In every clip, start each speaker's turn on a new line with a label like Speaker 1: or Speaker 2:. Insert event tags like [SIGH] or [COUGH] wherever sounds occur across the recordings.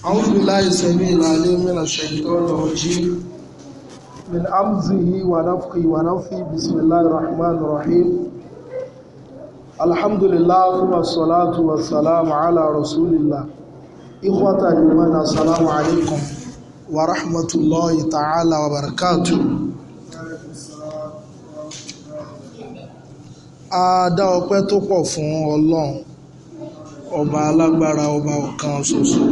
Speaker 1: أعوذ بالله السميع العليم من الشيطان الرجيم من أمزه ونفقي ونفي بسم الله الرحمن الرحيم الحمد لله ثم الصلاة والسلام على رسول الله إخوة الإيمان السلام عليكم ورحمة الله تعالى وبركاته a dá ọpẹ́ tó pọ̀ fún Ọlọ́run ọba alágbára ọba ọ̀kan ṣoṣo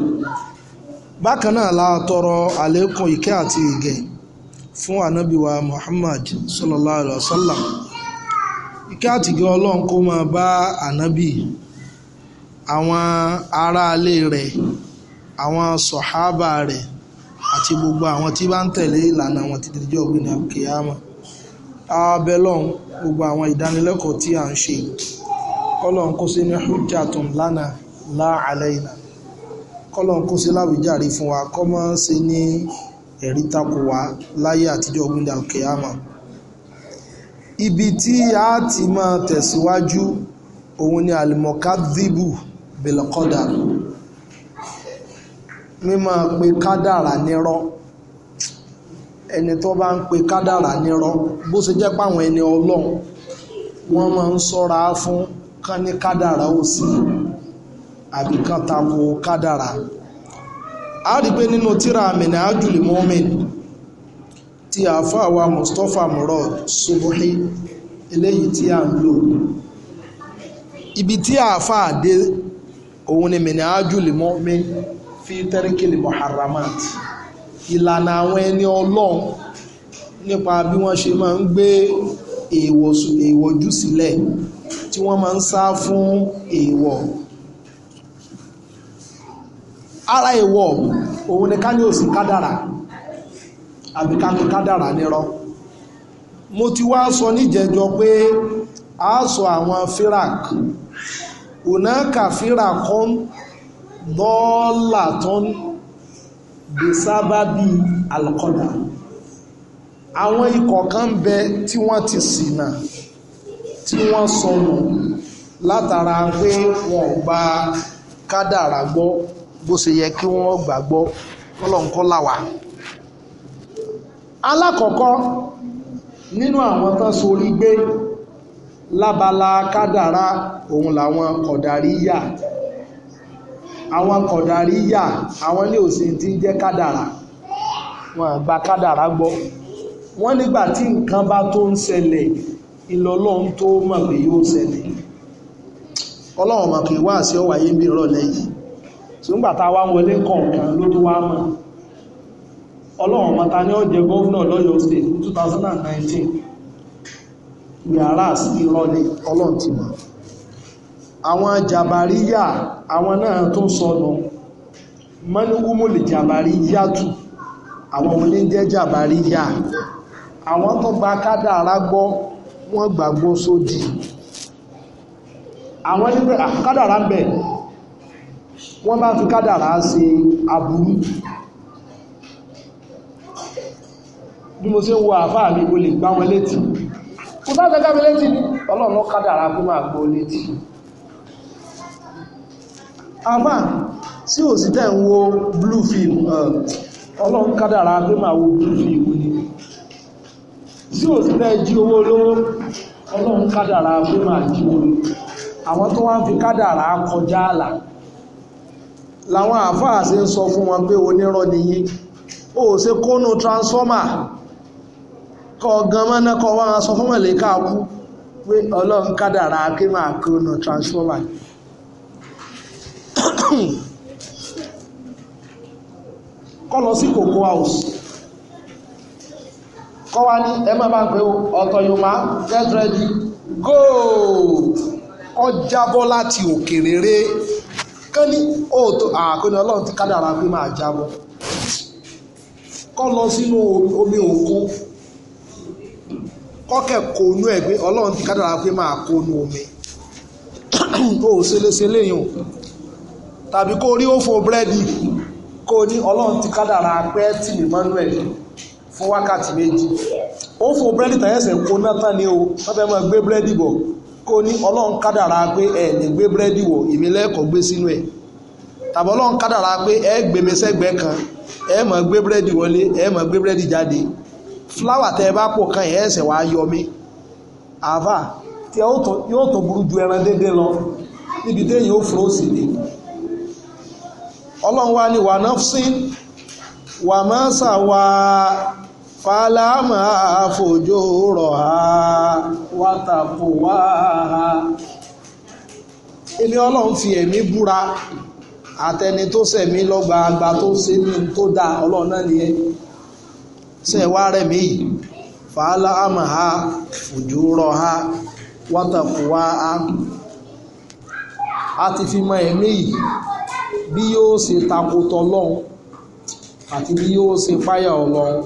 Speaker 1: bákan náà la tọrọ àlékún ìkẹ́ àti ìgẹ̀ fún ànábì wa Muhammad sallallahu ìkẹ́ àti ìgẹ̀ ọlọ́run kó máa bá ànábì àwọn alé rẹ̀ àwọn sọ̀hábà rẹ̀ àti gbogbo àwọn tí bá ń tẹ̀lé ìlànà àwọn títí gbogbo àwọn ìdánilẹ́kọ̀ọ́ tí à ń ṣe kó lana kọ́lọ́n kó ṣe láwùjáre fún wa kọ́ mọ́ ṣe ní ẹ̀rí tako wa láyé àtijọ́ gbígbà kìámà ibi tí a ti máa tẹ̀síwájú òun ni alimokadibu belkoda mímọ̀ pé kádàrà nírọ́ ẹni tó bá ń pe kádàrà nírọ́ bó ṣe jẹ́ páwọn ẹni ọlọ́run wọ́n máa ń sọ́ra fún kán ní kádàrà òsì àbí kán tako kádàrà a rí pé nínú tíra àmìnà ájúlè mọ́mìn tí àáfàá wa Mustapha Murad Subuhi eléyìí tí a ń lò ibi tí àáfàá dé òun ni mìnà ájúlè mọ́mìn fi tẹ́ríkìlì muharramat ìlànà àwọn ẹni ọlọ́run nípa bí wọ́n ṣe máa ń gbé èèwọ̀ jù sílẹ̀ tí wọ́n máa ń sá fún èèwọ̀ ara ìwọ̀ òun ni ká ní òsì kádàrà àbí ká ní kádàrà nírọ́ mo ti wá sọ níjẹjọ pé a sọ àwọn firak ònàkà firakun dọ́ọ̀là tán bisababi alkọ́dà àwọn ikọ̀ kan bẹ tí wọ́n ti ṣìnà tí wọ́n sọnù látara pé wọn ò kádàrà gbọ́ bó ṣe yẹ kí wọ́n gbàgbọ́ kọ́lọ́nkọ́ làwà. alákọ̀ọ́kọ́ nínú àwọn tán sorí gbé lábala kádàrá òun làwọn kọ̀dàríyà àwọn kọ̀dàríyà àwọn ní òsì tí ń jẹ́ kádàrá wọn àgbà kádàrá gbọ́ wọ́n nígbà tí nǹkan bá tó ń ṣẹlẹ̀ ìlọ́lọ́run tó mọ̀ pé yóò ṣẹlẹ̀ ọlọ́run mọ̀ pé wáàsí ọ̀wáyé ń bí ìrọ̀lẹ́ yìí ṣùgbà tá a wá wọlé kọ̀ọ̀kan ló tó wá mọ̀ ọlọ́run mọ́ta ní ọjẹ́ gọ́ọ̀nà lọ́yọ̀ state 2019 whereas irọ́ ni ọlọ́run ti mọ̀ àwọn jàbáríyà àwọn náà tó sọnù mọ́níwúmọ̀lì jàbáríyà tù àwọn olè jẹ́ jàbáríyà àwọn tó gba kádàrá gbọ́ wọ́n gbàgbọ́ sódì àwọn nígbà ah, kádàrá bẹ́ẹ̀ wọ́n bá fi kádàrá ṣe aburú bí mo ṣe wo àfáà mi o lè gbá wọn létí kò sáà tẹ́gbá mi létí ní ọlọ́run kádàrá fún máa gbọ́ létí àfáà sí ò sí tẹ́ ń wo blue film ọlọ́run kádàrá fún máa wo blue film ní sí ò sí tẹ́ jí owó olówó ọlọ́run kádàrá fún máa jí owó àwọn tó wá ń fi kádàrá kọjá àlà làwọn àáfàá ṣe ń sọ fún wọn pé onírọ́ ni o ó ṣe kónú transformer kọ gan mọ́ná kọ wá sọ fún wọn lè káàkú pé ọlọ́run kádàrá kí máa kónú transformer kọ́ lọ sí cocoa house kọ́ wá ní ẹ má bá ń pè ọ̀tọ̀ yóò máa get ready go ọjàbọ́ láti òkèrèrè. kán ní àkóní ọlọ́run ti kádàrá pé máa jábọ́ kọ́ lọ sínú omi òkun kọ́kẹ́ kónú ẹ̀ ọlọ́run ti kádàrá pé máa kónú omi [CLEARS THROAT] ó ṣeléṣe tàbí kó rí òfò búrẹ́dì kó ní ọlọ́run ti pé tì Emmanuel fún wákàtí méjì òfò búrẹ́dì tàyẹ̀sẹ̀ kó o wọ́n fẹ́ máa gbé búrẹ́dì kó ní ọlọ́run kádàrá pé ẹ lè gbé búrẹ́dì wò èmi gbé sínú ẹ̀ tàbí ọlọ́run kádàrá pé ẹ kan ẹ mọ̀ gbé búrẹ́dì wọlé ẹ mọ̀ gbé búrẹ́dì jáde fúláwà tẹ ẹ bá pò kan ẹ ẹsẹ̀ wàá yọ mí àvà tí yóò ju ẹran lọ níbi fúró sí ni ọlọ́run wá ní máa sàwà fàlámà àfòjò wàtàkùwáhà èmi ọlọ́run fi ẹ̀mí búra àtẹni tó sẹ̀mí lọ́gbàgbà tó ṣe ní tó dáa ọlọ́run náà nìyẹn ṣe rẹ̀mí fàálà àmà ha òjò rọ ha wátàkùwá ha a ti fi mọ ẹ̀mí yìí bí yóò ṣe takotọ ọlọ́run àti bí yóò ṣe páyà ọlọ́run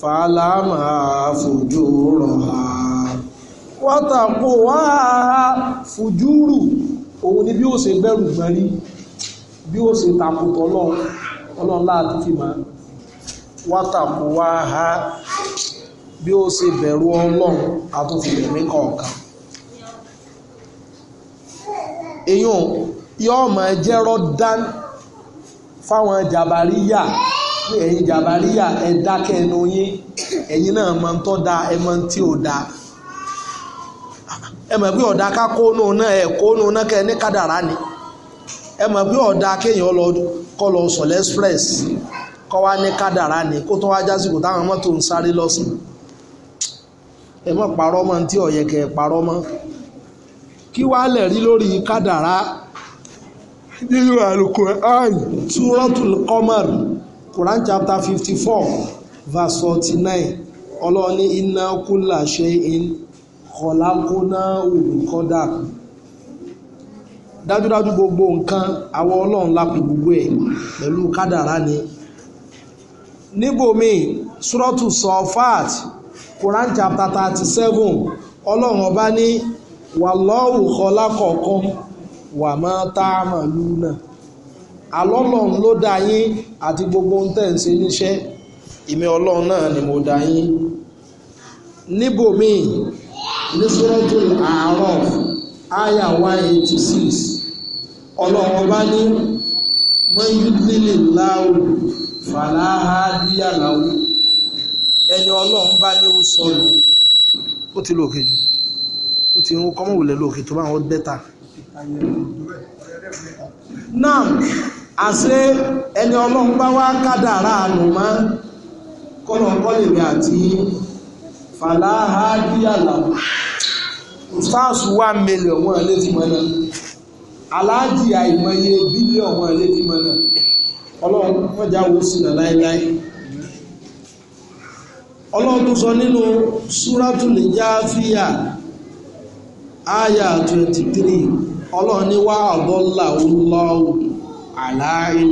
Speaker 1: fàálà àmà ha òjò ha wátàkó wáhá fùjúrù òun ni bí ó se bẹ̀rù gbẹ̀rí bí ó ṣe takùtọ̀ ọlọ́run láti fi máa wátàkó wáhá bí ó ṣe bẹ̀rù ọlọ́run àtúnfìlẹ̀ ní kọ̀ọ̀kan èyàn yóò máa jẹ́rọ dán fáwọn jàbáríyà pé jàbáríyà ẹ dákẹ́ yín ẹ̀yin náà máa ń tọ́ da ẹ tí ò dáa Emegbe ọdaka ọ̀dà ká kónú náà ẹ̀ kónú náà kẹ́ ní ni ẹ mọ̀ ọ̀dà kéèyàn lọ kọ́ lọ kọ́ ni kó tó wá jásìkò táwọn mọ́tò ń sáré lọ́sàn ẹ mọ̀ parọ́ mọ́ tí ọ̀yẹ̀ kẹ́ ẹ parọ́ mọ́ kí wàá lẹ̀ rí lórí nínú quran chapter fifty four verse kọ̀lákóná olùkọ́dà dájúdájú gbogbo nǹkan àwọn ọlọ́run lápò gbogbo ẹ̀ pẹ̀lú kádàrá ni níbòmíì suratu sọfàt quran chapter thirty seven ọlọ́run ọba ní wàlọ́ọ̀hù kọlákọ̀ọ́kan wà máa tá a mà lù náà alọ́lọ́run ló dá yín àti gbogbo ohun tẹ̀ ń ṣe níṣẹ́ ìmí ọlọ́run náà ni mo dá yín níbòmíì ní suratul A'raf àyà one eighty six ọlọ́run ọba ní man yudlilillahu fala hadiya lahu ẹni ọlọ́run bá ní ó sọnù ó ti lóòkè jù ó ti ń kọ́mọ̀ wùlẹ̀ lóòkè tó bá wọn bẹ́ta. náà àṣé ẹni ọlọ́run bá wá kádàrá àlùmọ́ kọ́lọ̀ àti fàlàhà díyàlà stars one million wọn lè ti mọ́nà aláàjì àìmọye bílíọ̀n wọn lè ti mọ́nà ọlọ́run mọ́jà wo sínà láéláé ọlọ́run tó nínú súrátùlì jáfíà àyà twenty three ọlọ́run ní wá àbọ́là olùlọ́wọ́ àlàáyé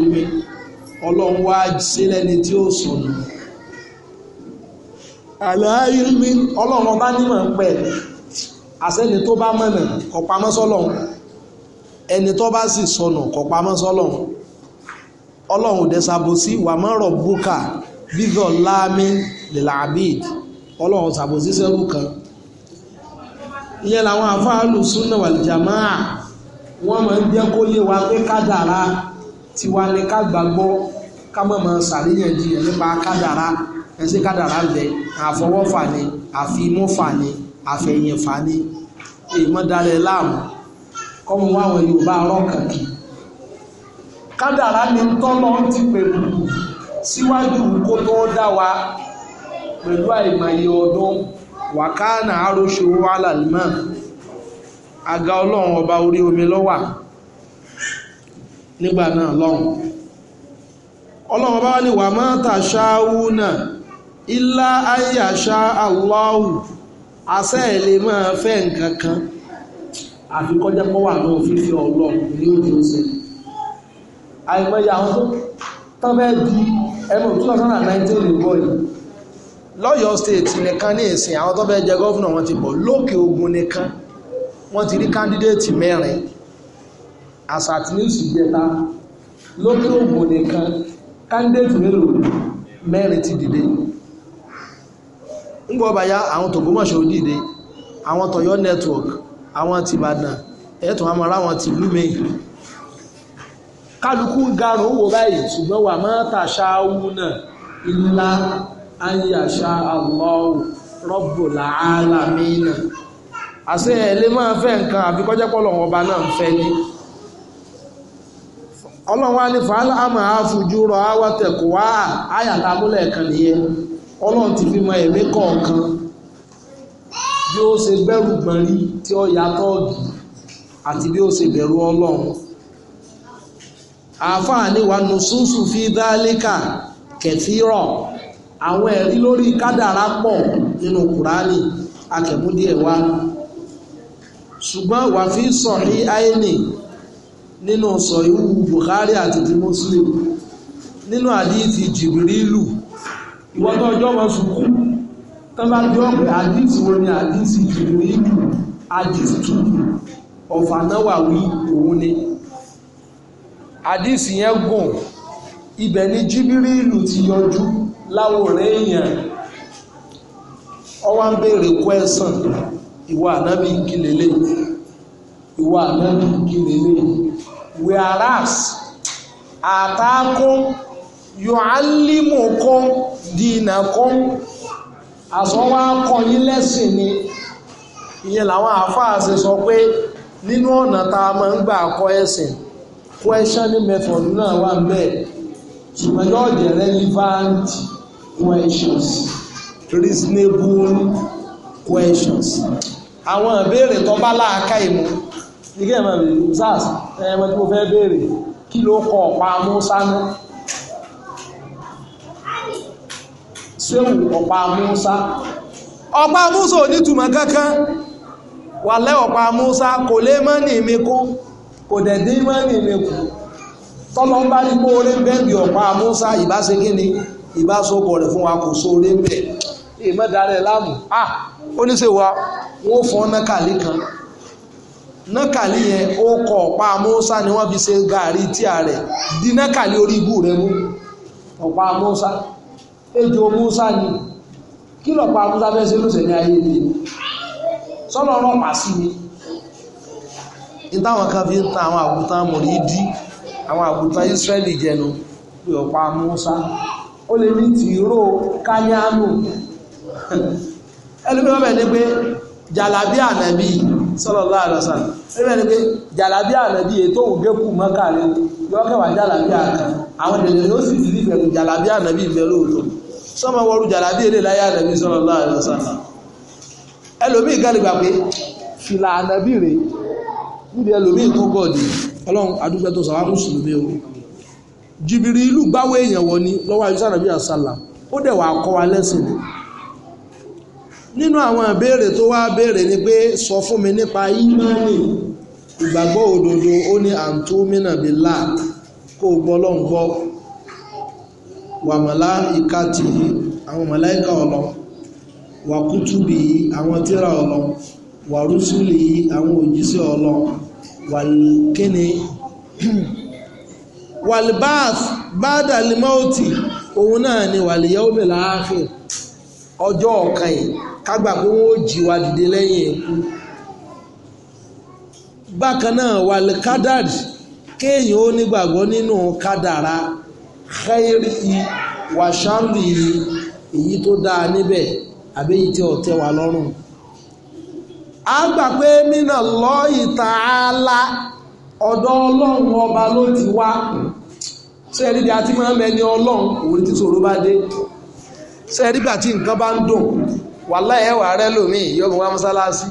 Speaker 1: ọlọ́run wá sílẹ̀ ní tí àlàáyílmi ọlọ́run bá nímọ̀ pẹ̀ àsẹ́ni tó bá mọ̀nà kọ̀pamọ́ sọ́lọ́run ẹni tó bá sì sọnù kọ̀pamọ́ sọ́lọ́run ọlọ́run dẹ̀sàbòsí wà mọ́rọ̀ búkà bígọ̀ láàmì lìlàbíd ọlọ́run sàbòsí sẹ́rù kan ìyẹn làwọn afáàlù súnà wàlìjàmáà wọ́n máa ń jẹ́ kó yé wa pé kádàrá tiwa ni ká gbàgbọ́ kámọ́ mọ́ sàríyànjiyàn nípa kádàrá ẹsẹ̀ kádàrá bẹ àfọwọ́fà ni àfimọ́fà ni àfẹ̀yìnfà ni èèmọ́ dalẹ̀ láàmú kọ́mọ wá àwọn Yorùbá ọlọ́kàn kì kádàrá ni tọ́lọ́ ti pẹ̀lú síwájú kó tó dá wa pẹ̀lú àìmọye ọdún wàkánà àròṣe owó alàlùmọ́ àga ọlọ́run ọba orí omi lọ́wà nígbà náà lọ́hùn ọlọ́run bá wá ní wà má tasha'una illa an yasha Allahu àṣẹ ìlè máa fẹ́ nǹkan kan àfi kọjá pọ́ wà náà fífi ọlọ́run ní òjì oṣù àìmọye àwọn tó tán fẹ́ di ẹnu 2019 ní bọ́ọ̀lù lọ́yọ̀ state nìkan ní ìsìn àwọn tó fẹ́ jẹ gọ́fúnà wọn ti bọ̀ lókè ogun nìkan wọ́n ti rí kándídéètì mẹ́rin àṣà àti jẹta lókè ogun nìkan candidate mélòó mẹ́rin ti dìde ńgbọ́ bá yá àwọn tògbómọ̀ṣọ́ dìde àwọn tọ̀yọ́ network àwọn ti Ìbàdàn ẹ̀tùn àmọ́ ráwọn ti ìlú mi kálukú garùn wò báyìí ṣùgbọ́n wà mọ́ tàṣà wù náà ilá ayé àṣà Allahu Rabbul Alamin àṣẹ ẹ̀ lè máa fẹ́ nǹkan àfikọ́jẹ́pọ̀ lọ́wọ́ ọba náà ń fẹ́ ní ọlọ́run ní fàálà àmà àfojú rọ àwátẹ̀kù wá kan nìyẹn ọlọ́run ti fi mọ ẹ̀mí kọ̀ọ̀kan bí ó se bẹ̀rù gbọ̀nrí tí ó ya tọ́ọ̀gì àti bí ó se bẹ̀rù ọlọ́run àáfàá ní wà nù fi àwọn ẹ̀rí lórí kádàrá pọ̀ nínú nínú sọ iwu Bukhari àti ti Muslim nínú àdíìtì Jibrilu ìwọ́tọ̀ ọjọ́ wọn sùkú tán àdíìtì wọn ni àdíìtì Jibrilu àdíìtì ọ̀fànáwàwí òun ni àdíìtì yẹn gùn ibẹ̀ ni Jibrilu ti yọjú láwòrán èèyàn ọwá ń béèrè kwẹ́sàn ìwà ànábì kí lélẹ̀ ìwà ànábì kí whereas àtàkùn yọ̀álímùkún dìínàkún àsọwọ́ akọ̀yí lẹ́sìn ni ìyẹn làwọn àáfàá ṣe sọ pé nínú ọ̀nà tá a máa ń gbà kọ́ ẹ̀sìn questioning method náà wà bẹ́ẹ̀ ṣùgbọ́n yóò jẹ́ relevant questions reasonable questions àwọn ìbéèrè tó bá láàká ìmú ìgbẹ́ ìmọ̀ rẹ̀ sars ẹ̀mọ̀ tí mo fẹ́ béèrè kí ló kọ ọ̀pá Musa ní ṣéwù ọ̀pá Musa ọ̀pá Musa ò ní túmọ̀ kankan wà lẹ́ ọ̀pá Musa kò lé mọ́nì mi kú kò dẹ̀ dín mọ́nì mi kú ń bá ní kó orí bẹ́ẹ̀bì ọ̀pá Musa ìbá kí ni ìbá sọ́kọ̀ rẹ̀ fún wa kò sóore ń bẹ̀ èèmọ̀ darẹ̀ ah ó ní ṣe wa wọ́n nákàlí yẹn ó kọ ọ̀pá amóhúsá ni wọ́n fi ṣe gàárì a rẹ̀ di nákàlí orí ibú rẹ̀ mú ọ̀pá amóhúsá ejò amóhúsá ni kí lọ̀pá amóhúsá fẹ́ ṣe ní ayé mi sọ́nà sí mi ní kan fi ń àwọn àgùntàn àwọn àgùntàn jẹnu pé ọ̀pá sọlọ́lá àlọ́sàn níbẹ̀ ni pé jàlábí ànábì ètò òwúgé kù mọ́kà rẹ yọ kẹwàá jàlábí àná àwọn ènìyàn yóò sì dìlí pẹ̀lú jàlábí ànábì ìbẹ̀ lóòótọ́ sọmọ wọlú jàlábí èlé láyé ànábì sọlọ́lá àlọ́sàn ẹlòmíì gàlìgbà pé fìlà ànábì rèé níbi ẹlòmí tó gọ̀dì ọlọ́run adúgbẹ́ tó sàwá mùsùlùmí o jìbìrì ìlú gbáwé èèyàn wọ ni lọ́wọ́ àyùsá nàbí àsálà ó dẹ̀ wà kọ́ wa lẹ́sìn ni nínú àwọn ìbéèrè tó wá béèrè ni pé sọ fún mi nípa ìmánì ìgbàgbọ́ òdodo ó ní àǹtú mínà bí là kó o gbọ́ lọ́n gbọ́ wà mọ̀lá ìka tì í àwọn màláíkà ọ̀lọ́ wà kútùbì àwọn tírà ọ̀lọ́ wà rúsùlì í àwọn òjíṣẹ́ ọ̀lọ́ wà kíni wàlbáàf báàdà limọ́ọ̀tì òun náà ni wàlìyàwó mi láàáfíà ọjọ́ ọ̀kan yìí kágbà pé wọ́n ó jí wa dìde lẹ́yìn ikú bákan náà wà lè kádàrì kéèyàn ó nígbàgbọ́ nínú kádàrà xẹ́rì wàṣàrì èyí tó dáa níbẹ̀ àbẹ́yí tí ó tẹ́ lọ́rùn a gbà pé mínà lọ ìtààlà ọ̀dọ̀ ọlọ́run ọba ló ti wá ṣe ẹ̀rí bí a ti máa ń mẹ́ni ọlọ́run òun ti sọ̀rọ̀ bá dé ṣe ẹ̀rí gbà tí nǹkan bá ń dùn wàlá ẹ̀ wà rẹ́ lómi yóò wá mọ́sálásí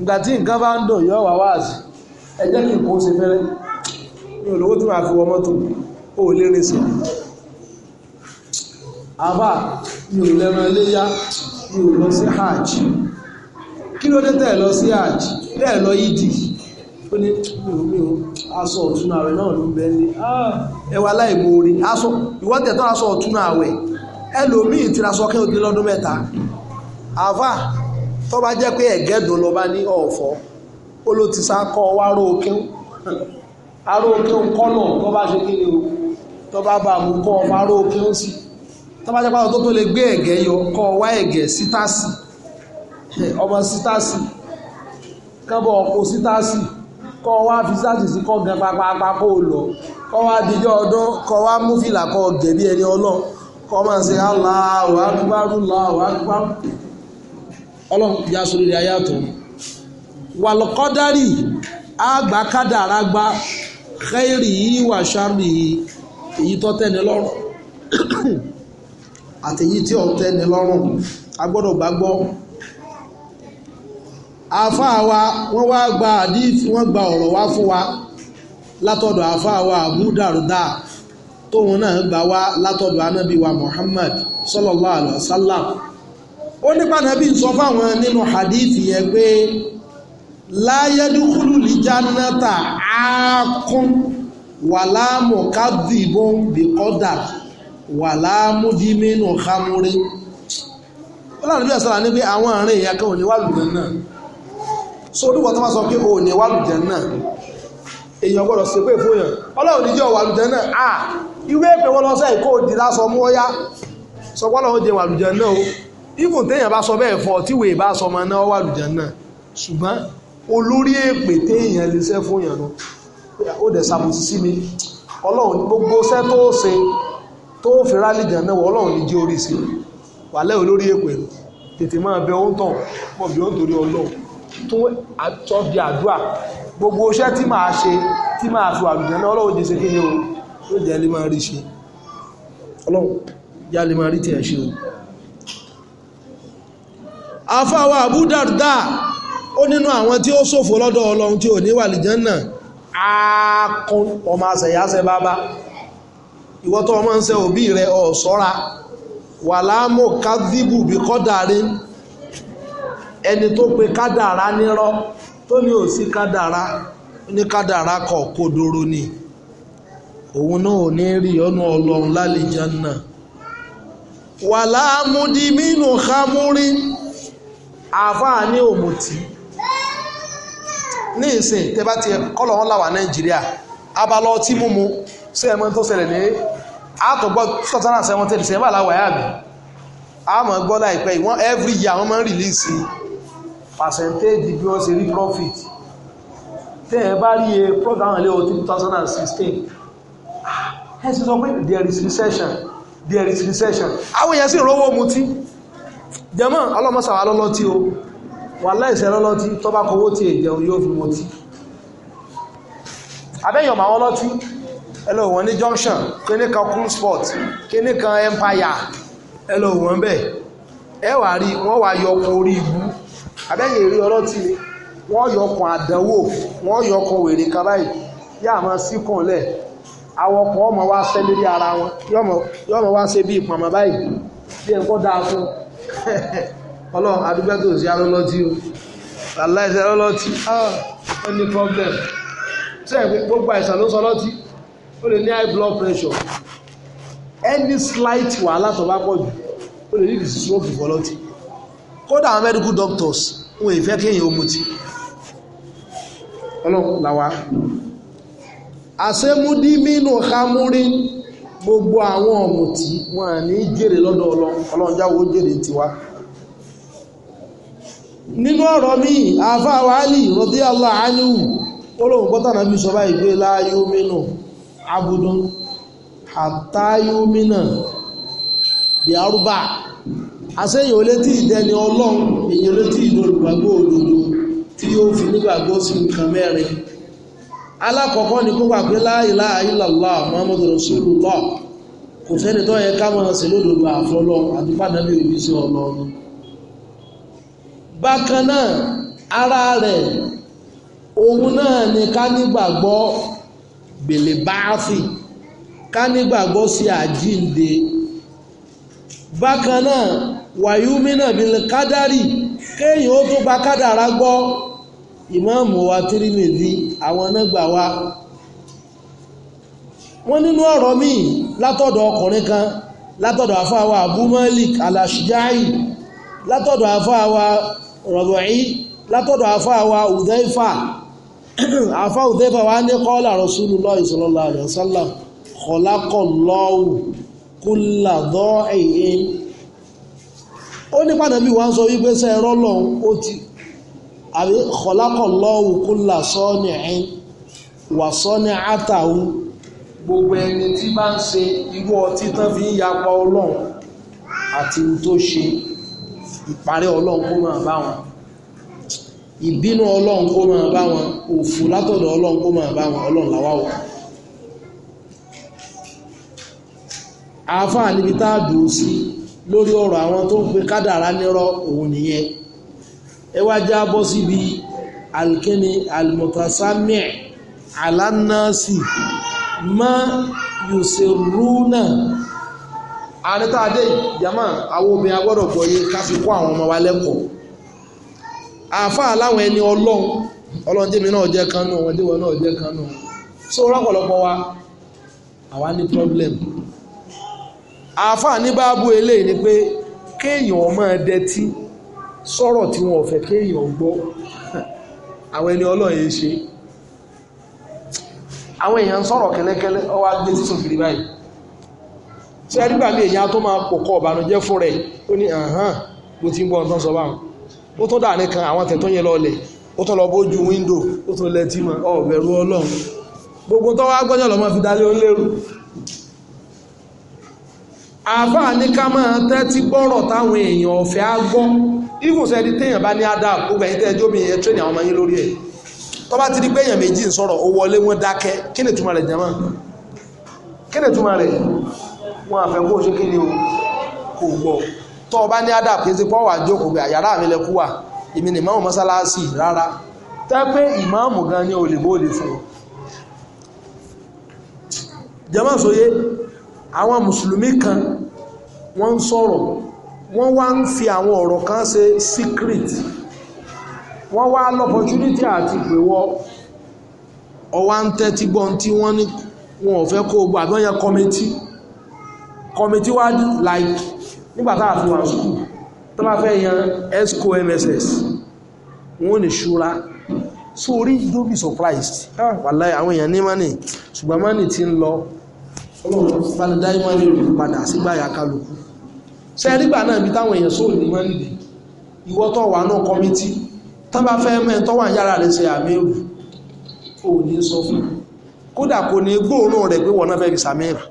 Speaker 1: ìgbà tí nǹkan bá ń dùn yóò wá kí nǹkan ó ṣe fẹ́rẹ́ ní olówó tí màá fi wọ mọ́tò ó lè rìn àbá iléyá sí hajj kí ló dé tẹ̀ hajj lọ ó ní mi ò aṣọ àwẹ̀ náà ló ń ní ah, ẹwà láìmoore aṣọ aṣọ àwẹ̀ ẹlòmíì àfà tó bá jẹ́ pé ẹ̀gẹ́dùn ló bá ní ọ̀fọ́ ó ló ti sá kọ́ wá kọ́nà bá ṣe kí ni o tó bá bá mú kọ́ ọmọ aróòkéw sí tó bá jẹ́ lè gbé ẹ̀gẹ́ yọ kọ́ wá ẹ̀gẹ́ sításì ọmọ sításì ọkọ̀ sításì kọ́ wá fi sításì sí lọ kọ́ wá dijọ́ ọdún kọ́ wá mú fìlà kọ́ ẹni ọlọ́ kọ́ máa ṣe aláwọ̀ akúbárú láwọ̀ ọlọ́run ya sóríire ayáàtọ̀ wàlọ́kọ́dárì àgbà kádàrá gba kẹ́rì yìí wà sáré èyí tó tẹ́ni lọ́rùn [COUGHS] àtẹ̀yí tí ò tẹ́ni lọ́rùn a gbọ́dọ̀ gbàgbọ́ àfáà wa wọ́n wá gba àdífì wọ́n gba ọ̀rọ̀ wá fún wa látọ̀dọ̀ àfáà wa Abu Darda tóun náà gbà wá látọ̀dọ̀ anábì Muhammad sallallahu alaihi wasallam ó nípa nàbí sọ fáwọn nínú hadith yẹn pé láyédúkúlù lìjánátà ákún wàlámù kádìbọn bìkọ́dà wàlámù dímínú hamúrí ó láwọn ìbílẹ̀ sọ́la ní pé àwọn àárín èèyàn kan ò ní wàlùjẹ́ náà so olúwa tó máa sọ pé ò ní wàlùjẹ́ náà èèyàn gbọ́dọ̀ sí pé fún ọlọ́run níjọ́ wàlùjẹ́ náà à ìwé ìpè wọn lọ sẹ́yìn kó di lásọ mú ọyá sọ pé ọlọ́run jẹ wàlùjẹ́ náà o even téèyàn bá sọ bẹ́ẹ̀ fún ọ tíwèé bá sọ ọmọ náà wà lùjẹ́ náà ṣùgbọ́n olórí èpè téèyàn lè ṣe fún yàn náà ó dẹ̀ sàbòsí sí mi ọlọ́run gbogbo ṣẹ́ tó ṣe tó fi rálì jàn náà ọlọ́run ní jẹ́ orí sí wà lẹ́ olórí èpè rẹ̀ tètè máa bẹ ohun tàn pọ̀ bí ohun torí ọlọ́run tó àtọ́ bí àdúrà gbogbo iṣẹ́ tí màá ṣe tí màá fi wà lùjàn náà ọlọ́run jẹ́ ṣe kí ni afáwa àbúdàrdà ó nínú àwọn tí ó ṣòfò lọ́dọ̀ ọlọ́run tí ò ní wà lìjẹ́ náà àákún ọmọ àṣẹyàṣẹ bàbá ìwọ tó ọmọ ń ṣe òbí rẹ ọ̀ ṣọ́ra wà láàmú kádìbù bí kọ́dàrí ẹni tó pe kádàrá nírọ́ tó ní ò sí kádàrá ní kádàrá kọ̀ kódoro ni òun náà ò ní rí ọ̀nà ọlọ́run lálejò náà wà láàmú di mínú kámúrí àáfàá ní òmùtí ní ìsìn tẹ bá ti kọ́lọ̀ wọn láwà nàìjíríà abalọ ọtí múmu sí ẹ̀mọ́ tó ṣẹlẹ̀ ní àtọ̀gbọ́ 2017 sẹ́yìn bá láwà yá mi àmọ́ gbọ́ láìpẹ́ ìwọ́n every year wọ́n máa ń rìlíìsì percentage bí wọ́n ṣe rí profit tẹ́ ẹ bá rí e program ilé ọtí 2016 ẹ sì sọ pé there is recession there is recession àwọn èèyàn sì rówó mutí jẹmọ́ ọlọ́mọ́sàwà lọ́lọ́tí o wà láìsẹ̀ lọ́lọ́tí tó bá kọwọ́ tí è jẹun yóò fi mọ́ tí abẹ́yàn máa ọlọ́tí ẹlò wọn ní junction kíní cool spot kíní empire ẹlò wọn bẹ́ẹ̀ ẹ wà rí wọ́n wà yọkùn orí ibú abẹ́yàn èrè ọlọ́tí ni wọ́n yọkùn àdánwò wọ́n yọkùn wèrè kan báyìí yá máa síkùn lẹ̀ awọkùn ọmọ wa sẹ́lérí ara wọn yọmọ wá ṣe bí ìpamọ́ báyìí bí ẹ̀kọ́ dáa fún [LAUGHS] ọlọ́run adúgbò tó sí arọ́lọ́tì o aláìsẹ̀ arọ́lọ́tì ah, ah, ó ní problem sẹ́yìn gbogbo àìsàn ló sọ lọ́tì ó lè ní high blood pressure any slight wàhálà tó bá pọ̀ jù ó lè ní ìdí stroke ìfọlọ́tì kódà àwọn medical doctors wọn ìfẹ́ kéèyàn ó mutí ọlọ́run làwa àṣemúdí mínú hamúrin gbogbo àwọn ọ̀mùtí wọn à ní jèrè lọ́dọ̀ ọlọ́run jáwó jèrè tiwa nínú ọ̀rọ̀ mi àfá wàálì rọ̀dí allah ánìwò olóhùn pọ́tànà bí sọba ìgbé láyé omínà abudun àtàyé omínà bí arúbà àṣẹ́yìn olé tí ìdẹni ọlọ́run èyí olé tí ìdọ̀lùgbàgbọ́ òdodo tí yóò fi nígbàgbọ́ sí nǹkan mẹ́rin alákọ̀ọ́kọ́ ni kó gbà pé la ilaha illallah muhammadu rasulullah kò sẹ́ni tó yẹ ká máa ṣe lódodo àfọlọ́ àti fànàbí òbí sí ọlọ́run bákan náà ara rẹ̀ òun náà ni ká nígbàgbọ́ gbèlè bááfì ká nígbàgbọ́ sí àjínde bákan náà wàyúmínà bíi kádárì kéèyàn ó tó gba kádàrá gbọ́ ìmáàmù wa tírímìdì àwọn nágbà wa wọ́n nínú ọ̀rọ̀ míì látọ̀dọ̀ ọkùnrin kan látọ̀dọ̀ àfáàwà Abu Malik Al-Ashja'i látọ̀dọ̀ àfáàwà Rabi'i látọ̀dọ̀ àfáàwà Udhaifa àfá Udhaifa wa ní qala Rasulullah sallallahu alaihi wasallam khalaqallahu kulla dha'in ó nípa nàbí wọ́n sọ wípé àbí kọ̀lákọ̀ lọ́wọ́ kó là sọ́ọ̀nì ẹ̀yìn wà sọ́ọ̀nì àtàwọn gbogbo ẹni tí bá ń ṣe irú ọtí tán fi ń yapa ọlọ́run àti ohun tó ṣe ìparẹ́ ọlọ́run kó máa bá wọn ìbínú ọlọ́run kó máa bá wọn òfò látọ̀dọ̀ ọlọ́run kó máa bá wọn ọlọ́run làwà wọn. àáfàá níbi tá a dùn sí lórí ọ̀rọ̀ àwọn tó ń pe kádàrá nírọ́ òun nìyẹn ẹ wá já bọ́ síbi alkeni almutasami alannasi ma yusiruna àrítà adé yàmá àwọn obìnrin agbọ́dọ̀ gbọ́yé káfí kó àwọn ọmọ wa lẹ́kọ̀ọ́ àáfàá láwọn ẹni ọlọ́run ọlọ́run tèmi náà jẹ́ kan náà wọ́n déwọ́ náà jẹ́ kan so rọ́pọ̀lọpọ̀ wa àwa ní problem àáfàá ní báàbù eléyìí ni pé kéèyàn máa dẹtí sọ̀rọ̀ tí wọn ò fẹ́ kéèyàn gbọ́ àwọn ẹni ọlọ́run yìí ṣe àwọn èèyàn ń sọ̀rọ̀ kẹ́lẹ́kẹ́lẹ́ ọwọ́ agbé sísun kiri báyìí tí a nígbà mí èèyàn tó máa pòkọ́ ọ̀bànújẹ́ fún rẹ̀ ó ní àhán mo ti ń gbọ́ ọ̀tán sọ báwọn ó tó dà nìkan àwọn tẹ̀tọ́ yẹn lọ lẹ̀ ó tó lọ bójú wíńdò ó tó lẹ́tí mọ́ ọ̀bẹ̀rù ọlọ́run gbogbo tó wá gbọ́jọ́ lọ́mọ fi dalé ó lérò àbá ní ká máa tẹ́tí gbọ́rọ̀ táwọn èèyàn ọ̀fẹ́ á gbọ́ even sẹ́ni téèyàn bá ní adam gbogbo ẹ̀yin tẹ́ẹ̀jọ́ mi ẹ̀ tẹ́ẹ̀nì àwọn ọmọ yín lórí ẹ̀ tó bá ti di pé èèyàn méjì ń sọ̀rọ̀ ó wọlé wọn dákẹ́ kí ni túmọ̀ rẹ̀ jẹ́mọ́ kí ni túmọ̀ rẹ̀ wọn àfẹ́ kó ṣe kí ni o kò gbọ́ tó o bá ní adam kì í ṣe pọ́wà jókòó pé àyàrá mi lẹ kú wà èmi ni ìmáàmù mọ́sálásì rárá tẹ́ pé ìmáàmù gan ni olè wọ́n wá ń fi àwọn ọ̀rọ̀ kan ṣe secret wọ́n wá lọ́pọ̀tunítì àti ìpèwọ́ ọwá ń tẹ́tí gbọ́n tí wọ́n ní wọn ò fẹ́ kó gbọ́ àbí wọ́n yẹ kọmití kọmití wá like nígbàtá àfihàn school
Speaker 2: tó bá fẹ́ yan
Speaker 1: esco mss wọ́n ní ṣúra so orí don't be surprised ah wàláhì àwọn èèyàn ní mọ́nì ṣùgbọ́n mọ́nì ti ń lọ ọlọ́run bá ní dáìmọ́ lè rí padà sígbà yà kálukú sẹ́rígbà náà ibi táwọn èèyàn sóò ní wọ́n nìdí ìwọ tó wà náà kọ́mítì tán bá fẹ́ mẹ́ tó wà yára rẹ̀ ṣe àmẹ́rù ò ní sọ fún kódà kò ní gbóòórùn rẹ̀ pé wọ́n náà fẹ́ fi sàmẹ́rù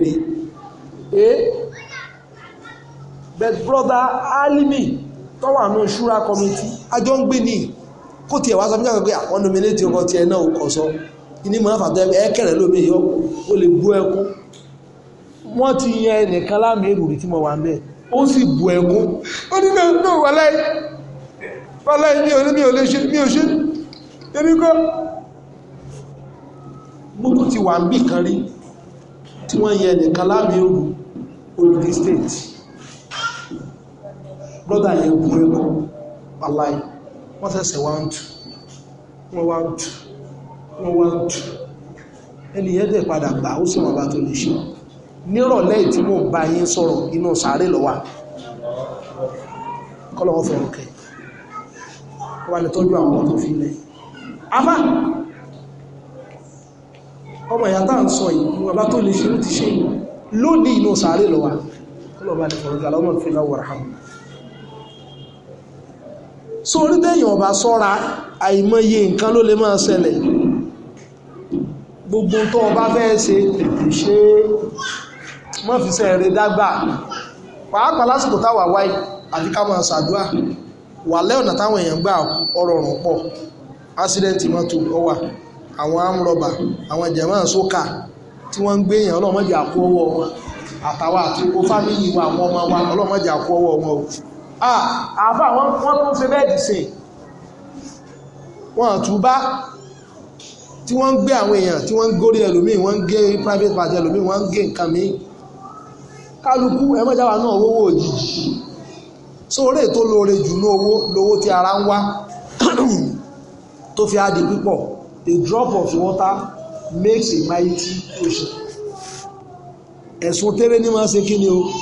Speaker 1: yóò but brọ́dá alimi tó wà ní committee ajọ́ ń gbé ní kó tiẹ̀ wá sọ fún jọ́nà pé àwọn ah, nominate ọkọ̀ tiẹ̀ náà kọ̀ sọ ìní mọ́ fàtọ́ ẹ̀kẹ́rẹ̀ lómi yọ ó lè bú ẹkún wọ́n ti yẹ ẹnìkan láàmì èrùrí tí mo wà ń bẹ̀ ó sì bú ẹkún ó ní náà wà láì wà láì mi ò ní mi ò lè ṣe mi ò ṣe èmi kọ́ mo tún ti wà ń bì kan rí tí wọ́n yẹ ẹnìkan láàmì èrù olùdí state brother yẹn bú ẹkún wà láì wọ́n sẹ̀sẹ̀ wá ń tù wọ́n wá ń tù lọ́wọ́ jù ẹni yẹn dẹ̀ padà gbà ó sì wàbá tó lè ṣe nírọ̀lẹ́ tí mò ń bá yín sọ̀rọ̀ inú sàárè lọ́wà kọ́lọ̀wọ́ fọ̀rọ̀ kẹ́ ọ wà lè tọ́jú àwọn ọmọ tó fi lẹ̀ afá ọmọ ìyá tá à ń sọ yìí wàbá tó lè ṣe ó ti ṣe lónìí inú sàárè lọ́wà kọ́lọ̀wọ́ lè fọ̀rọ̀ kẹ́ ọmọ fi ọba sọ́ra àìmọye nǹkan ló lè máa ṣẹlẹ̀ gbogbo tó o bá fẹ́ ṣe tètè ṣe é mọ́ fi ṣe eré dágbà pàápàá lásìkò táwa wáyé àti ká máa ṣàdúrà wà lẹ́ ọ̀nà táwọn èèyàn gbà ọ̀rọ̀ ọ̀rùn pọ̀ accident mọ́tò ọwà àwọn amúrọ̀bà àwọn jẹ̀mọ́ sókà tí wọ́n ń gbé èèyàn ọlọ́mọdé àkó ọwọ́ wọn àtàwọn àtúkò fámìlì wa àwọn ọmọ wa ọlọ́mọdé àkó ọwọ́ wọn o ah, àfa wọn tó ń ṣe bẹ́ẹ̀ dì sìn wọn tí wọ́n ń gbé àwọn èèyàn tí wọ́n ń górí ẹlòmíì wọ́n ń gé private party ẹlòmíì wọ́n ń gé nǹkan míì kálukú ẹmọ́jáwà náà owó So sóòrè tó lóore jù lówó lówó tí ara ń wá [CLEARS THROAT] tó fi adi pípọ̀ a drop of water makes a mighty ocean ẹ̀sùn tẹ́rẹ́ ní máa ṣe kí ni o ní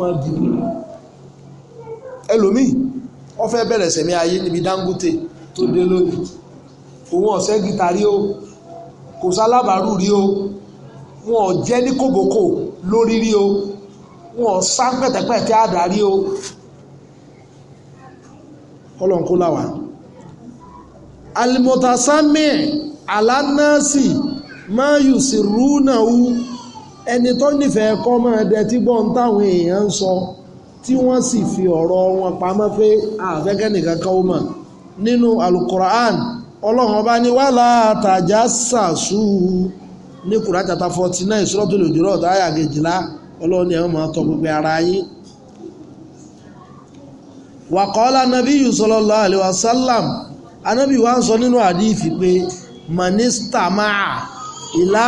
Speaker 1: máa di ẹlòmíì ó fẹ́ bẹ̀rẹ̀ sẹ̀mí ayé níbi Dangote tó dé lónìí òun ọ̀sẹ́ gítàrí o kò sálábàárù rí o wọn ò jẹ́ ní kòbókò lórí rí o wọn ò sá pẹ̀tẹ́pẹ̀tẹ́ àdárí o ọlọ́run kó láwà. alimọ̀tàsámì alánàásì máa yù sí rúnàwú ẹni tó nífẹ̀ẹ́ kọ́ máa dẹ tí gbọ́n táwọn èèyàn ń sọ tí wọ́n sì fi ọ̀rọ̀ wọn pamọ́ pé àfẹ́kẹ́ nìkan kan mọ̀ nínú alukur'an ọlọ́run ọba ní wàhálà tàjà sàṣù ní kùrá chapter forty nine suratul hujurat àyà kejìlá ọlọ́run ẹ̀wọ̀n máa tọ́ pípẹ́ ara yín. wàkọ́lá nabiyyu sallallahu alaihi anábì ń sọ nínú àdífì pé máa ìlà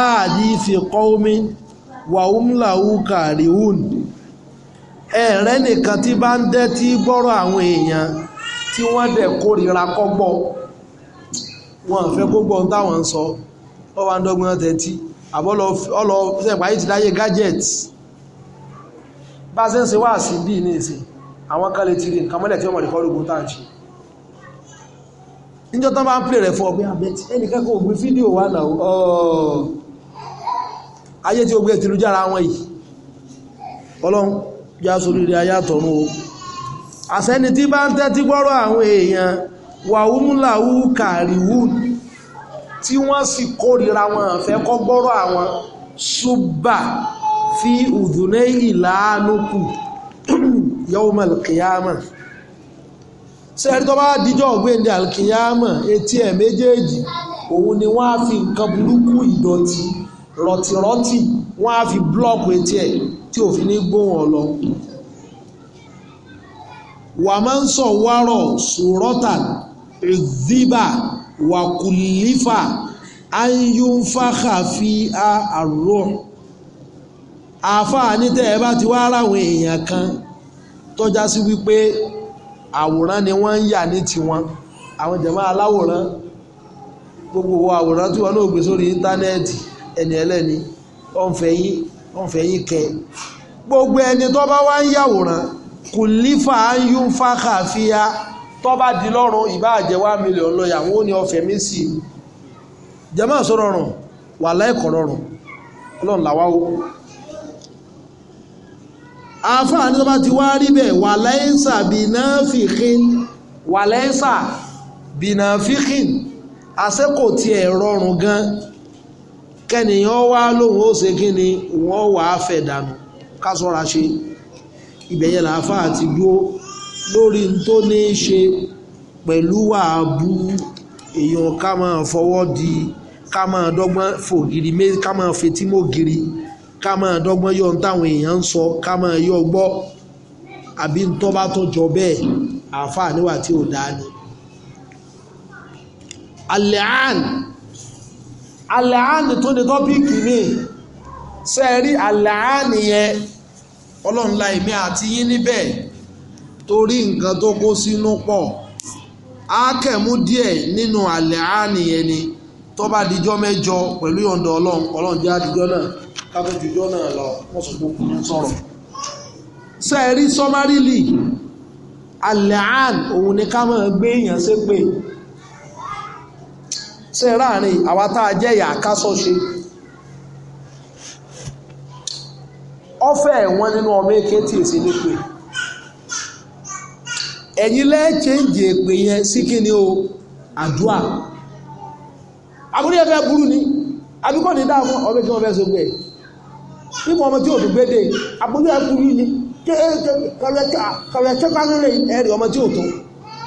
Speaker 1: kàríhùn ẹ̀rẹ́ nìkan tí bá ń gbọ́rọ̀ wọn fẹ́ kó gbọ́n táwọn ń sọ ọwọ́ àdọ́gbọ́n tẹ́tí àbọ́lọ sẹ́pà yìí ti dáyé gadget bá ṣe ń ṣe wá sí bí ní ìsìn àwọn kan lè ti rí nǹkan mọ́lẹ̀ tí wọ́n mọ̀ lè kọ́ lógun táà ń ṣe níjọ́ tán bá ń pè rẹ̀ fún ọgbẹ́ ah, àbẹ́tì ẹnìkẹ́kọ̀ọ́ ògbé fídíò wà náà ọ̀ọ́ ayé tí ogbé tìlú wọn yìí ọlọ́run já sórí rẹ̀ ayátọ̀run o àṣẹ́ni tí bá ń tẹ́tí gbọ́rọ̀ àwọn èèyàn wàhúmúláwù kàríwùn tí wọ́n sì kórìíra wọn àfẹ́ kọ́ gbọ́rọ̀ àwọn ṣùgbà fi ùdùnẹ́ ìlànàkù yọ́ọ̀mọ̀ alkiyama ṣe ẹ̀rí tó bá díjọ́ ọ̀gbẹ́ndẹ̀ alkiyama etí ẹ̀ méjèèjì òun ni wọ́n á fi nǹkan burúkú ìdọ̀tí rọ̀tìrọ̀tì wọ́n á fi blọ́ọ̀kù etí ẹ̀ tí òfin ní gbóhùn ọ̀lọ́ wà máa ń sọ wárọ̀ sùrọ́tà ìzíbà wàkùlífà ayúnfàkà fi àrò àfáà ní tẹ́ ẹ bá ti wá ráwọn èèyàn kan tọ́já sí wípé àwòrán ni wọ́n ń yà ní tiwọn àwọn jẹ̀mọ́ aláwòrán gbogbo àwòrán tí wọ́n náà gbé sórí íńtánẹ́ẹ̀tì ẹni ẹlẹ́ni ọ̀nfẹ̀yìn ọ̀nfẹ̀yìn kẹ gbogbo ẹni tó bá wá ń yàwòrán kùlífà ayúnfàkà fi àrò tó bá di lọ́rùn ìbá àjẹ́ wá mílíọ̀n lọ yà wọ́n ní ọ̀fẹ́ mi sí i jẹ́mọ́ sọ̀rọ̀ rùn wà láìkọ̀ rọrùn ọlọ́run làwa o àáfàá ní tó bá ti wá rí bẹ́ẹ̀ wà láìsà bìnáfìkín wà láìsà bìnáfìkín àṣẹ́kò tiẹ̀ rọrùn gan kẹ́nìyàn wá lóhùn ó ṣe kí ni wọ́n wàá fẹ̀ dànù ká sọ́ra ṣe ibẹ̀yẹ làáfàá ti dúró lórí n tó ní í ṣe pẹ̀lú wàhábù èèyàn ká máa fọwọ́ di ká máa dọ́gbọ́n fògiri ká máa fetí mọ́giri ká máa dọ́gbọ́n yọ ohun táwọn èèyàn ń sọ ká máa yọ gbọ́ àbí ń tọ́ bá tó jọ bẹ́ẹ̀ àáfàá níwà tí ò dáa ni. àlẹ́hàn àlẹ́hàn tó ní tọ́pìkì mi ṣe rí àlẹ́hàn yẹn ọlọ́run la èmi àti yín níbẹ̀ torí nǹkan tó kó sínú pọ̀ á kẹ̀mú díẹ̀ nínú àlẹ́ àníyẹn ni tó bá dijọ́ mẹ́jọ pẹ̀lú yọ̀ǹda ọlọ́run ọlọ́run jẹ́ àdijọ́ náà káfẹ́ jùjọ́ náà lọ wọ́n sọ gbogbo ń sọ̀rọ̀ sẹ́ẹ̀rí sọ́márìlì àlẹ́ àn òun ni ká máa gbé èèyàn ṣépè ṣe ráàrin àwa tá a jẹ́ ìyá kásọ̀ ṣe ọ̀fẹ́ ẹ̀wọ̀n nínú ọmọ èké tí èsì nípe ẹ̀yin lẹ́ẹ̀chẹ́ǹjì èpè yẹn sí kí ni o àdúà àbúrí ẹ̀fẹ́ burú ni àbíkọ́ ní dáa fún ọmọ tí wọ́n fẹ́ so gbé nípa ọmọ tí ò tó gbédè àbúrí ẹ̀kú yìí ni kẹrẹ̀kẹ́ pánúrẹ̀ ẹ̀rì ọmọ tí ò tó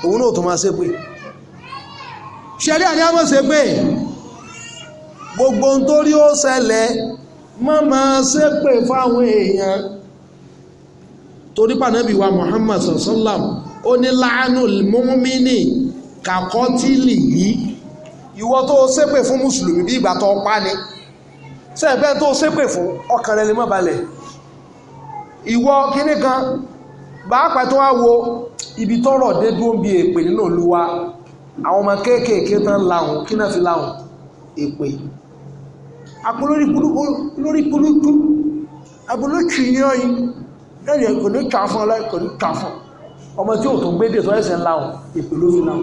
Speaker 1: òun náà tó máa ṣe pé ṣẹ̀rí àní ṣe pé gbogbo ohun tó rí ó ṣẹlẹ̀ má máa ṣe pé fáwọn èèyàn torí pànábì wa Muhammad ó ní láàánú múmíní kàkọ́tìlì yìí ìwọ tó ṣépè fún mùsùlùmí bí ìgbà tó pa ni sẹ́ẹ̀bẹ́ tó ṣépè fún ọkàn rẹ̀ lè má balẹ̀ ìwọ kíní kan pàápàá tó wá wo ibi tọ́rọ̀ dé dúró bí èpè nínú olúwa àwọn ọmọ kéékèèké tán láhùn kí náà fi láhùn èpè apolórí kúlúkú apolórí kìíní ọyìn lẹ́yìn kò ní kà fún ọlọ́yìn kò ní kà fún ọ ọmọ tí ò tó gbé dé sọ ẹsẹ̀ ńlá ọ̀ ìpè ló fi náà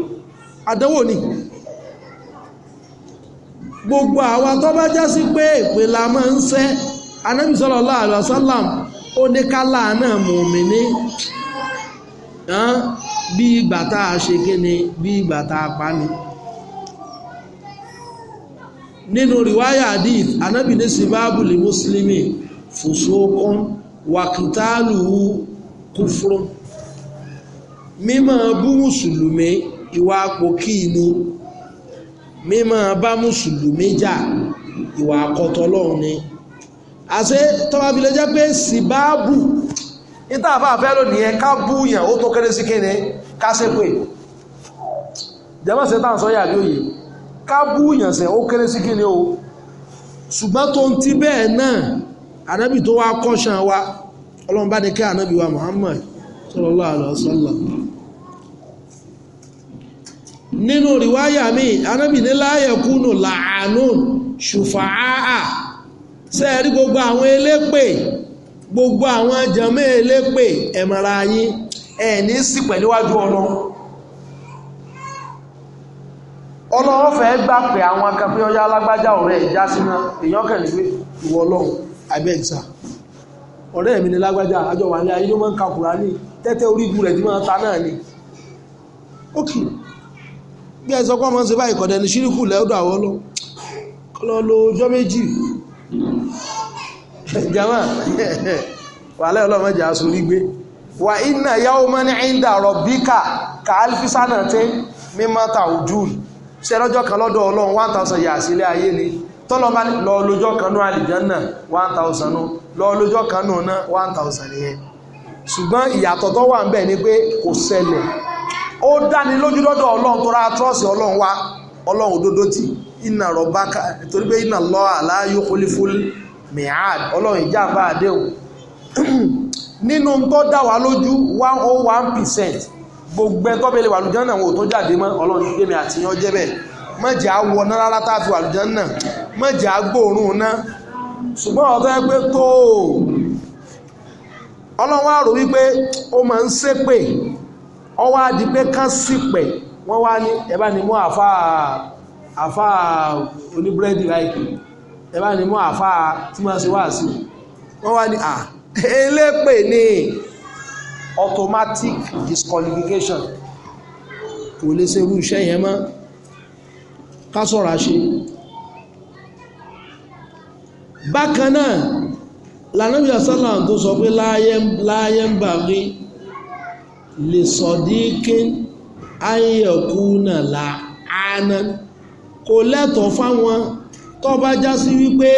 Speaker 1: ni gbogbo àwa tó bá já sí pé ìpè la máa ń sẹ́ anábì sallallahu alaihi wasallam ó ní kálá náà mùmíní bí ìgbà tá a ṣe kíni bí ìgbà tá ni nínú riwaya hadith anábì ní sibabu li muslimi fusukun wakitalu kufrun mímọ́ bú mùsùlùmí ìwà àpòkí ni mímọ́ bá mùsùlùmí jà ìwà àkọ́tọ̀ ọlọ́run ni àṣẹ tọ́wà fi lè jẹ́ pé síbáàbù níta àfáà fẹ́ lónìí ẹ ká bú yàn ó tó kéré sí kéne ká ṣe pé jẹ́mọ́ sí òye ká bú yàn sẹ́ ó kéré sí kéne o ṣùgbọ́n tó ń ti bẹ́ẹ̀ náà ànábì tó wá kọ́ṣàn wa ọlọ́run bá wa Muhammad sallallahu alaihi wasallam nínú ríwáyà mi anábì ní láyẹ̀kúnù làánún ṣùfàáà sẹ́ẹ̀rí gbogbo àwọn elépè gbogbo àwọn jàmẹ́ elépè ẹ̀mọ̀ra yín ẹ̀ ní sí pẹ̀lúwájú ọ̀nà ọlọ́wọ́ fẹ́ gbà pé àwọn akẹ́kọ̀ọ́ ọjọ́ alágbájá ọ̀rẹ́ ìjà síná èèyàn kẹ̀lú pé ìwọ ọlọ́run àbẹ́ǹsà ọ̀rẹ́ mi ni lágbájá àjọ wà ní ayé ló máa ń ka Kùránì tẹ́tẹ́ orígun rẹ̀ tí máa ta náà ni ókè okay bí ẹ sọ pé ọmọ ń ṣe báyìí kọ̀dẹ̀ ní ṣíríkù lẹ́ọ̀dọ̀ àwọn lọ kọlọ lo ọjọ́ méjì jama wàhálà ọlọ́mọdé asorí gbé wà iná yàwó mọ́ ní ẹ̀ńdà rọ̀bíkà ká alifisana tí mímọ́ ta ojú ṣe lọ́jọ́ kan lọ́dọ̀ ọlọ́run one thousand yà sílẹ̀ ayé ni tọ́lọ́ bá lọ lójọ́ kan ní àlìjánà one thousand nù lọ lójọ́ kan náà one thousand yẹn ṣùgbọ́n ìyàtọ̀ tó wà ń bẹ̀ ni pé kò ṣẹlẹ̀ ó dáni lójú lọ́dọ̀ ọlọ́run tó ra trọ́ọ̀sì ọlọ́run wa ọlọ́run òdodo ti iná rọ̀bá torí pé iná lọ àláyò kólífúl mihad ọlọ́run ìjàmbá àdéhùn [CLEARS THROAT] nínú tó dá wa lójú one oh one percent gbogbo wà tó jáde mọ́ ọlọ́run mi jẹ́ bẹ́ẹ̀ rárá tá wípé ó máa ń ọwọ́ adi pé kán sì pẹ̀ wọ́n wá ní ẹ bá ní mú àfa àfa oníbúrẹ́dì láìpẹ́ ẹ bá ní mú àfa tí wọ́n ṣe wá sí wọ́n wá ní à elépè ní automatic disqualification kò lè ṣe irú iṣẹ́ yẹn mọ́ ká sọ̀rọ̀ àṣe bákan náà lànà tó sọ pé láyé ń bá rí lè sọ̀díkín ayẹ̀kúnà anan kò lẹ́tọ̀ọ́ fáwọn tó bá já sí wípé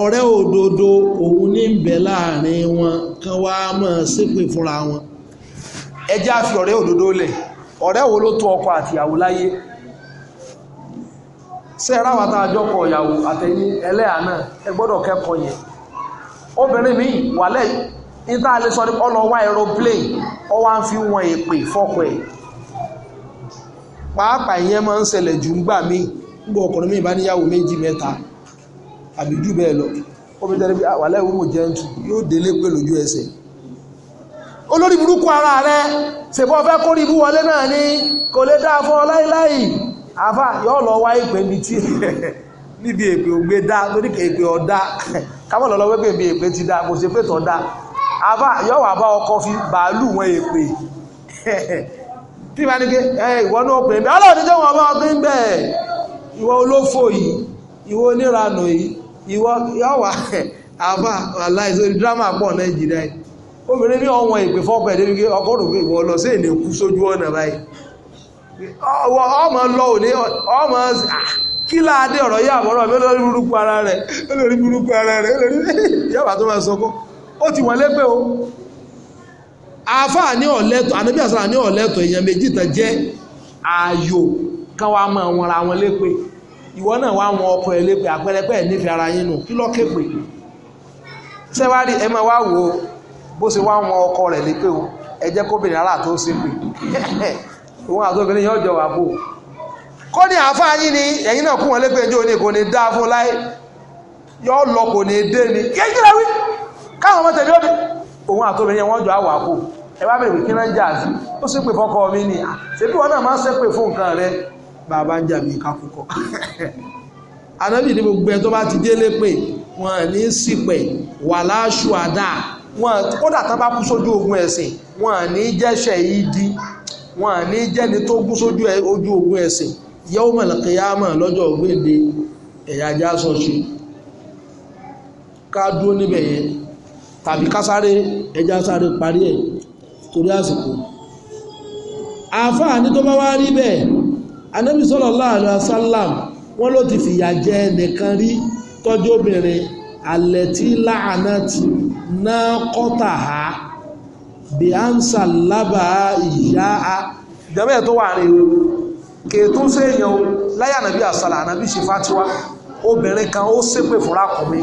Speaker 1: ọ̀rẹ́ òdodo òun ní ń bẹ láàrin wọn kan wá máa ṣépè fúnra wọn ẹ jẹ́ àfi ọ̀rẹ́ òdodo lẹ̀ ọ̀rẹ́ wo ló tó ọkọ àtìyàwó láyé ṣe ráwà tá ìyàwó àtẹ̀yìn ẹlẹ́yà náà ẹ gbọ́dọ̀ kẹ́kọ̀ọ́ yẹn obìnrin mi wà lẹ́yìn níta lè sọ ní aeroplane ọwá ń fi wọn èpè fọ́pọ̀ ẹ̀ pàápàá ìyẹn máa ń ṣẹlẹ̀ jù ń gbà mí ọkùnrin mi bá méjì mẹ́ta àbí jù bẹ́ẹ̀ lọ omi tẹ́lẹ̀ bí wà láì wúmọ̀ yóò délé pé lójú ẹsẹ̀ olórí burúkú rẹ ṣèbọ́ fẹ́ kó rí náà kò lè dáa fún ọ yóò lọ wá ìpè tí [LAUGHS] níbi èpè ògbé dá lórí ọ̀dá [LAUGHS] káwọn ti dá kò ṣe pé tọ́ dá àbá yọ́wà bá ọkọ̀ fi bàálù wọn èpè [LAUGHS] tí bá ní pé ìwọ náà pè ń bẹ́ ọlọ́ọ̀dún jẹ́ wọn bá ọkọ̀ ń bẹ́ ìwọ olófò yìí ìwọ oníranù yìí ìwọ yọ́wà [LAUGHS] àbá aláìsórí dírámà pọ̀ nàìjíríà obìnrin ní ọwọ́n èpè fọ́kọ̀ ẹ̀ débi pé ọkọ̀ rò pé ìwọ lọ sí èdè kú sójú ọ̀nà báyìí ọmọ lọ òní ọmọ kí láadé ọ̀rọ̀ yà àbọ̀rọ̀ mi olórí burúkú ara rẹ̀ olórí burúkú ara rẹ̀ olórí [LAUGHS] yàbá tó máa sọkọ́ ó ti wọ́n lẹ́gbẹ́ o àáfàá ní ọ̀lẹ́tọ̀ ànábì àsàlà ní ọ̀lẹ́tọ̀ èèyàn méjì tán jẹ́ ààyò kan wàá mọ àwọn ara wọn lépè ìwọ náà wàá wọn ọkọ ẹ lépè àpẹrẹpẹ ẹ nífẹ̀ẹ́ ara yín nù kí ló képe sẹ́wárí ẹ máa wá wò ó bó ṣe wá wọn ọkọ rẹ̀ lépè o ẹ jẹ́ kóbìnrin ara tó ṣe pé [LAUGHS] òun àtòbìnrin yóò jọ wà bò kó ní àáfàá yín ni ẹ̀yin náà kú wọn lépè ẹjọ́ ni kò ní dáa fún láyé yọ lọ kò ní dé ni kéjìlá wí káwọn ọmọ tẹ̀lé òde òun àtòbìnrin wọn jọ àwọ̀ àpò ẹ bá bẹ̀rẹ̀ kí náà ń jà sí ó sì pè fọ́kọ mi ni ṣèbí wọn náà máa ń ṣépè fún nǹkan rẹ bàbá ń jà mí kakúkọ anábì [LAUGHS] ní gbogbo ẹ tó bá ti délé pé wọn ní sípẹ̀ wà láṣù àdá wọn kódà tán bá kú sójú ogun ẹ̀sìn wọn ní jẹ́ṣẹ̀ yìí di wọn ní tó kú sójú ojú ogun ẹ̀sìn yawmal qiyamah lọ́jọ́ ògbéǹde ẹ̀yà ajá ká dúró níbẹ̀ yẹn tàbí kásáré ẹja sáré parí ẹ̀ torí àsìkò àfáà ní tó bá wá rí bẹ́ẹ̀ anábì sallallahu alaihi wasallam wọ́n ló ti fìyà jẹ nìkan rí tọ́jú obìnrin alẹ́ tí láàánà ti ná kọ́tà á bí à ń sàlábà ìyá á ìjọba ẹ̀ tó wà rí o kèétún séèyàn láyà nàbí àsàlà ànàbí ṣe fátiwá obìnrin kan ó ṣépè fúnra kùnmi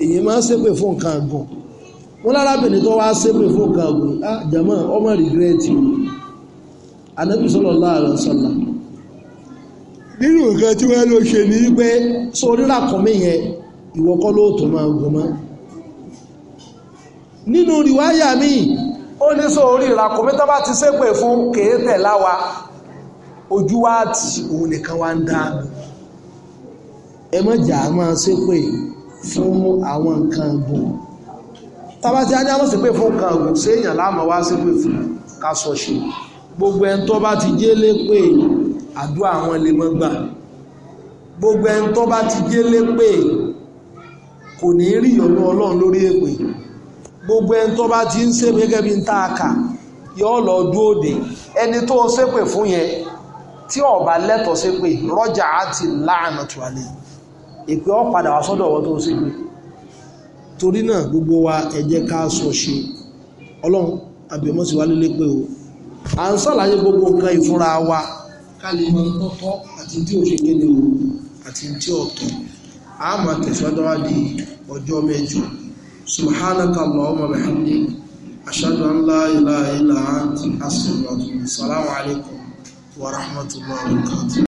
Speaker 1: èyí máa ń ṣépè fún nǹkan àgùn wọn lárábìnrin tó wá ṣépè fún nǹkan àgùn ah, á jẹ̀mọ́ ọmọ rìgírẹ́tì anábì sallallahu alaihi wasallam nínú nǹkan tí wọ́n lọ ṣe ní pé sọ rírà kọ́mí yẹn ìwọ́kọ́ lóòótọ́ máa gùn mọ́ nínú rìwáyà míì ó ní sọ orí ìràkọ̀mí tó bá ti ṣépè fún kéétẹ̀ láwa ojú wa ti òun nìkan wá ń dá ẹ mọ̀jà máa ṣépè yìí fún àwọn nǹkan ọ̀gbìn tábà tí ajá mọ̀ sí pé fún nǹkan ọ̀gbìn séèyàn láàmú wá sí pé fún kásọ ṣe gbogbo ẹni tó bá ti jélé pé àdúrà àwọn lè mọ́ gbà gbogbo ẹni tó bá ti jélé pé kò ní rí ìyọ́nú ọlọ́run lórí èpè gbogbo ẹni tó bá ti ń ṣe gẹ́gẹ́ bí ń tá a kà lọ dúró ẹni tó ṣépè fún yẹn tí ó lẹ́tọ̀ọ́ ṣépè rọ́jà á ti láàánà tùwálé yìí èpè ọ padà wá sọ́dọ̀ ọwọ́ tó o torí náà gbogbo wa ẹ ká sọ ṣe ọlọ́run àbẹ̀mọ́ wá pé o à ń sàlàyé gbogbo nǹkan ìfúnra wa ká lè mọ tọ́tọ́ àti tí ò ṣe kéde o àti tí ò tọ́ di ọjọ́ mẹ́jọ subhanaka